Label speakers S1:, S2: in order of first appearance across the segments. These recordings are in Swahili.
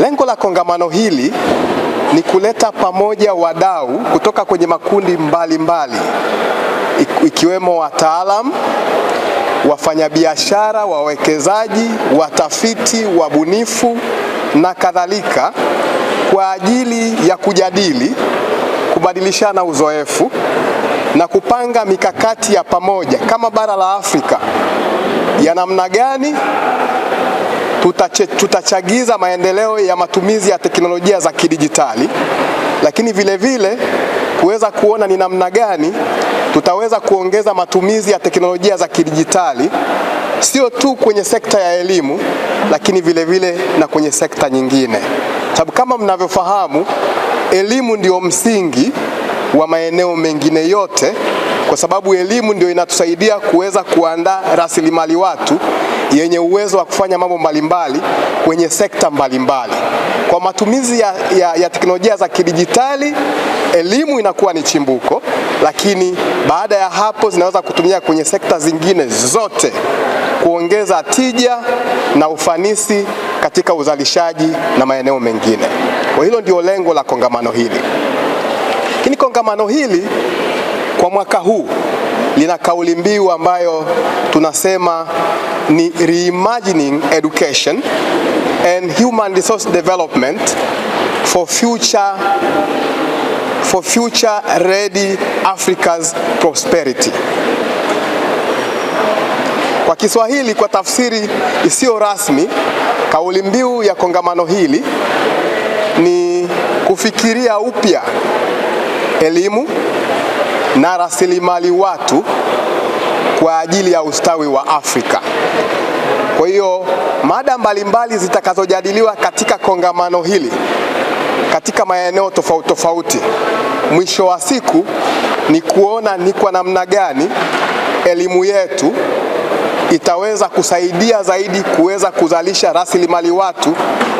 S1: Lengo la kongamano hili ni kuleta pamoja wadau kutoka kwenye makundi mbalimbali mbali, ikiwemo wataalam, wafanyabiashara, wawekezaji, watafiti, wabunifu na kadhalika kwa ajili ya kujadili, kubadilishana uzoefu na kupanga mikakati ya pamoja kama bara la Afrika ya namna gani tutache, tutachagiza maendeleo ya matumizi ya teknolojia za kidijitali, lakini vile vile kuweza kuona ni namna gani tutaweza kuongeza matumizi ya teknolojia za kidijitali sio tu kwenye sekta ya elimu, lakini vile vile na kwenye sekta nyingine, sababu kama mnavyofahamu elimu ndio msingi wa maeneo mengine yote kwa sababu elimu ndio inatusaidia kuweza kuandaa rasilimali watu yenye uwezo wa kufanya mambo mbalimbali kwenye sekta mbalimbali mbali. Kwa matumizi ya, ya, ya teknolojia za kidijitali elimu inakuwa ni chimbuko, lakini baada ya hapo zinaweza kutumia kwenye sekta zingine zote kuongeza tija na ufanisi katika uzalishaji na maeneo mengine. Kwa hilo ndio lengo la kongamano hili. Lakini kongamano hili kwa mwaka huu lina kauli mbiu ambayo tunasema ni reimagining education and human resource development for future for future ready Africa's prosperity. Kwa Kiswahili, kwa tafsiri isiyo rasmi, kauli mbiu ya kongamano hili ni kufikiria upya elimu na rasilimali watu kwa ajili ya ustawi wa Afrika. Kwa hiyo mada mbalimbali zitakazojadiliwa katika kongamano hili katika maeneo tofauti tofauti, mwisho wa siku ni kuona ni kwa namna gani elimu yetu itaweza kusaidia zaidi kuweza kuzalisha rasilimali watu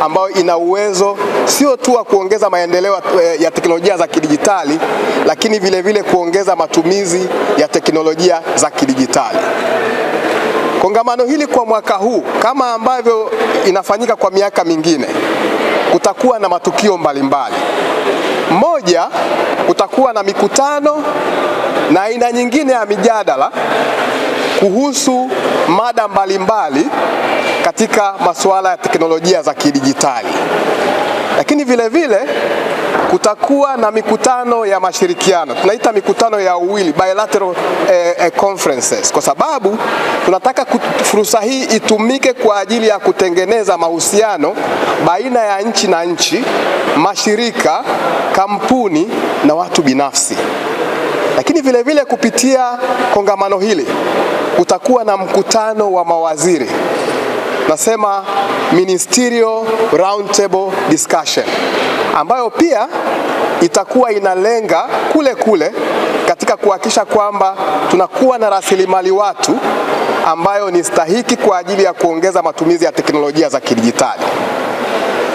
S1: ambayo ina uwezo sio tu wa kuongeza maendeleo eh, ya teknolojia za kidijitali, lakini vile vile kuongeza matumizi ya teknolojia za kidijitali. Kongamano hili kwa mwaka huu kama ambavyo inafanyika kwa miaka mingine, kutakuwa na matukio mbalimbali mbali. Moja, kutakuwa na mikutano na aina nyingine ya mijadala kuhusu mada mbalimbali katika masuala ya teknolojia za kidijitali, lakini vile vile kutakuwa na mikutano ya mashirikiano, tunaita mikutano ya uwili bilateral eh, eh, conferences, kwa sababu tunataka fursa hii itumike kwa ajili ya kutengeneza mahusiano baina ya nchi na nchi, mashirika, kampuni na watu binafsi. Lakini vile vile kupitia kongamano hili kutakuwa na mkutano wa mawaziri, nasema ministerial table discussion, ambayo pia itakuwa inalenga kule kule katika kuhakikisha kwamba tunakuwa na rasilimali watu ambayo ni stahiki kwa ajili ya kuongeza matumizi ya teknolojia za kidijitali.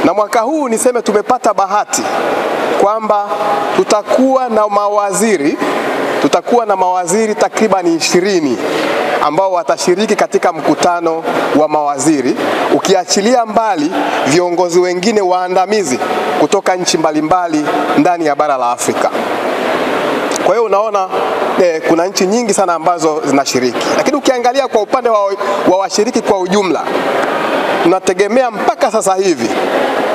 S1: Na mwaka huu niseme tumepata bahati kwamba tutakuwa na mawaziri tutakuwa na mawaziri takribani ishirini ambao watashiriki katika mkutano wa mawaziri, ukiachilia mbali viongozi wengine waandamizi kutoka nchi mbalimbali ndani ya bara la Afrika. Kwa hiyo unaona eh, kuna nchi nyingi sana ambazo zinashiriki, lakini ukiangalia kwa upande wa washiriki kwa ujumla, tunategemea mpaka sasa hivi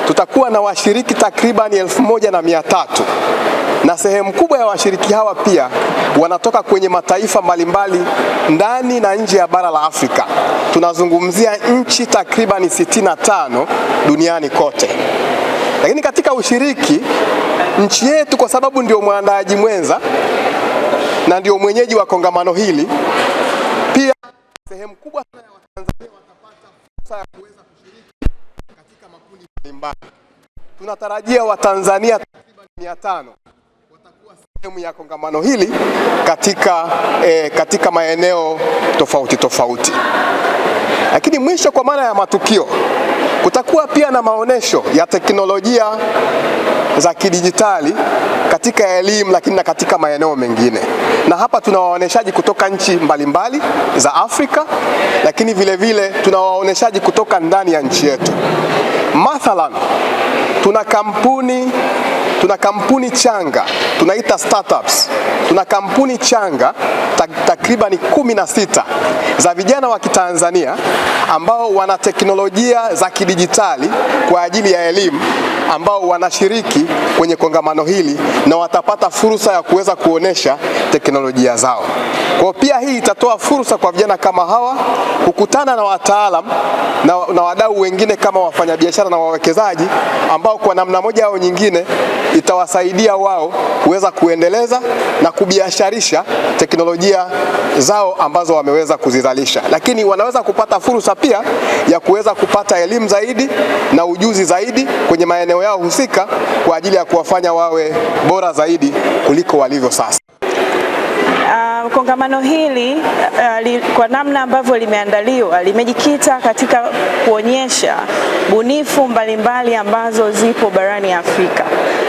S1: tutakuwa na washiriki takribani elfu moja na mia tatu na sehemu kubwa ya washiriki hawa pia wanatoka kwenye mataifa mbalimbali ndani na nje ya bara la Afrika. Tunazungumzia nchi takriban 65 duniani kote. Lakini katika ushiriki nchi yetu, kwa sababu ndio mwandaaji mwenza na ndio mwenyeji wa kongamano hili. Pia sehemu kubwa sana ya Watanzania watapata fursa ya kuweza kushiriki katika makundi mbalimbali. Tunatarajia Watanzania takriban 500 watakuwa sehemu ya kongamano hili katika, eh, katika maeneo tofauti tofauti. Lakini mwisho, kwa maana ya matukio Kutakuwa pia na maonesho ya teknolojia za kidijitali katika elimu, lakini na katika maeneo mengine, na hapa tuna waoneshaji kutoka nchi mbalimbali mbali za Afrika, lakini vile vile tuna waoneshaji kutoka ndani ya nchi yetu. Mathalan, tuna kampuni tuna kampuni changa tunaita startups. Tuna kampuni changa takribani kumi na sita za vijana wa Kitanzania ambao wana teknolojia za kidijitali kwa ajili ya elimu ambao wanashiriki kwenye kongamano hili na watapata fursa ya kuweza kuonesha teknolojia zao. Kwa pia hii itatoa fursa kwa vijana kama hawa kukutana na wataalam na, na wadau wengine kama wafanyabiashara na wawekezaji ambao kwa namna moja au nyingine itawasaidia wao kuweza kuendeleza na kubiasharisha teknolojia zao ambazo wameweza kuzizalisha, lakini wanaweza kupata fursa pia ya kuweza kupata elimu zaidi na ujuzi zaidi kwenye maeneo yao husika kwa ajili ya kuwafanya wawe bora zaidi kuliko walivyo sasa.
S2: Ah, kongamano hili uh, li, kwa namna ambavyo limeandaliwa limejikita katika kuonyesha bunifu mbalimbali mbali ambazo zipo barani Afrika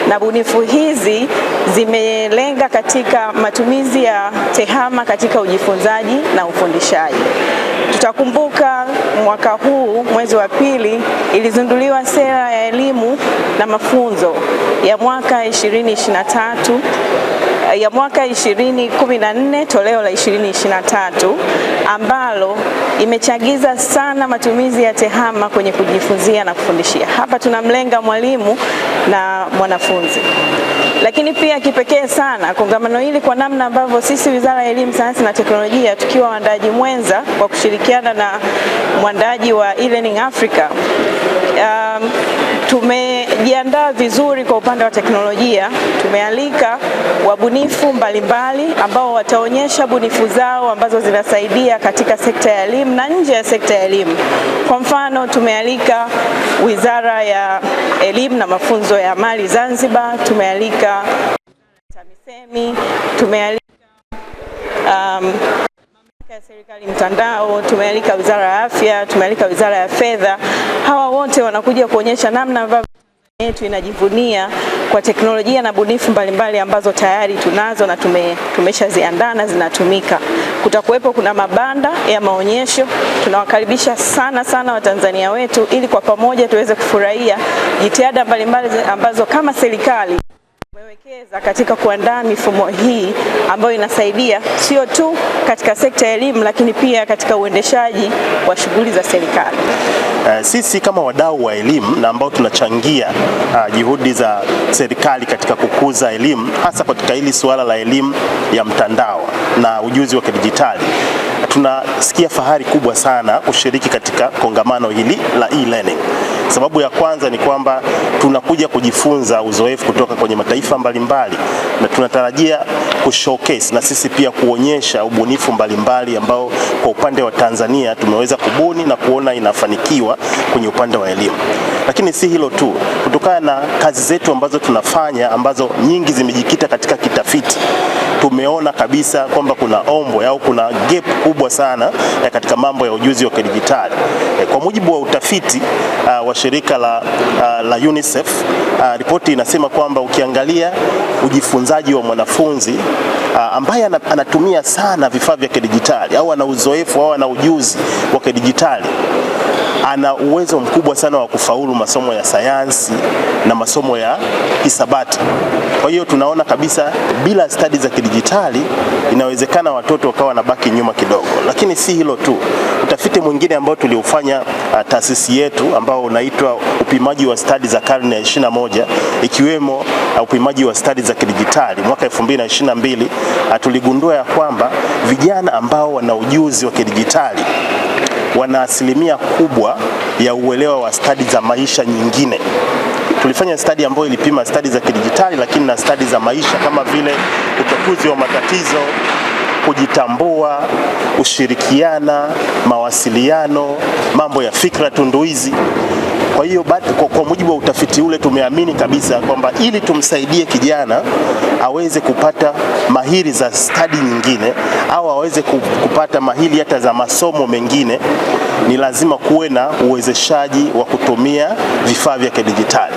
S2: na bunifu hizi zimelenga katika matumizi ya tehama katika ujifunzaji na ufundishaji. Tutakumbuka mwaka huu mwezi wa pili ilizinduliwa sera ya elimu na mafunzo ya mwaka 2023 ya mwaka 2014 toleo la 2023 ambalo imechagiza sana matumizi ya tehama kwenye kujifunzia na kufundishia. Hapa tunamlenga mwalimu na mwanafunzi. Lakini pia kipekee sana kongamano hili kwa namna ambavyo sisi Wizara ya Elimu, Sayansi na Teknolojia tukiwa waandaji mwenza kwa kushirikiana na mwandaji wa eLearning Africa um, tumejiandaa vizuri kwa upande wa teknolojia. Tumealika wabunifu mbalimbali ambao wataonyesha bunifu zao ambazo zinasaidia katika sekta ya elimu na nje ya sekta ya elimu. Kwa mfano tumealika Wizara ya Elimu na Mafunzo ya Amali Zanzibar, tumealika TAMISEMI, tumealika um, ya serikali mtandao, tumealika Wizara ya Afya, tumealika Wizara ya Fedha. Hawa wote wanakuja kuonyesha namna ambavyo yetu inajivunia kwa teknolojia na bunifu mbalimbali ambazo tayari tunazo na tume, tumeshaziandaa na zinatumika. Kutakuwepo kuna mabanda ya maonyesho tunawakaribisha sana sana Watanzania wetu ili kwa pamoja tuweze kufurahia jitihada mbalimbali ambazo kama serikali wekeza katika kuandaa mifumo hii ambayo inasaidia sio tu katika sekta ya elimu lakini pia katika uendeshaji wa shughuli za serikali.
S3: Eh, sisi kama wadau wa elimu na ambao tunachangia uh, juhudi za serikali katika kukuza elimu hasa katika hili suala la elimu ya mtandao na ujuzi wa kidijitali tunasikia fahari kubwa sana kushiriki katika kongamano hili la e-learning. Sababu ya kwanza ni kwamba tunakuja kujifunza uzoefu kutoka kwenye mataifa mbalimbali na tunatarajia kushowcase na sisi pia kuonyesha ubunifu mbalimbali ambao kwa upande wa Tanzania tumeweza kubuni na kuona inafanikiwa kwenye upande wa elimu. Lakini si hilo tu, kutokana na kazi zetu ambazo tunafanya ambazo nyingi zimejikita katika kitafiti tumeona kabisa kwamba kuna ombwe au kuna gap kubwa sana ya eh, katika mambo ya ujuzi wa kidijitali. Eh, kwa mujibu wa utafiti uh, wa shirika la, uh, la UNICEF uh, ripoti inasema kwamba ukiangalia ujifunzi utunzaji wa mwanafunzi ambaye anatumia sana vifaa vya kidijitali au ana uzoefu au ana ujuzi wa kidijitali ana uwezo mkubwa sana wa kufaulu masomo ya sayansi na masomo ya hisabati. Kwa hiyo tunaona kabisa bila stadi za kidijitali inawezekana watoto wakawa wanabaki nyuma kidogo, lakini si hilo tu. Utafiti mwingine ambao tuliofanya uh, taasisi yetu ambao unaitwa upimaji wa stadi za karne ya moja ikiwemo uh, upimaji wa stadi za kidijitali mwaka 2022 uh, tuligundua ya kwamba vijana ambao wana ujuzi wa kidijitali wana asilimia kubwa ya uelewa wa stadi za maisha nyingine. Tulifanya stadi ambayo ilipima stadi za kidijitali, lakini na stadi za maisha kama vile utatuzi wa matatizo, kujitambua, ushirikiana, mawasiliano, mambo ya fikra tunduizi. Kwa hiyo kwa, kwa mujibu wa utafiti ule tumeamini kabisa kwamba ili tumsaidie kijana aweze kupata mahiri za stadi nyingine au aweze kupata mahiri hata za masomo mengine ni lazima kuwe na uwezeshaji wa kutumia vifaa vya kidijitali.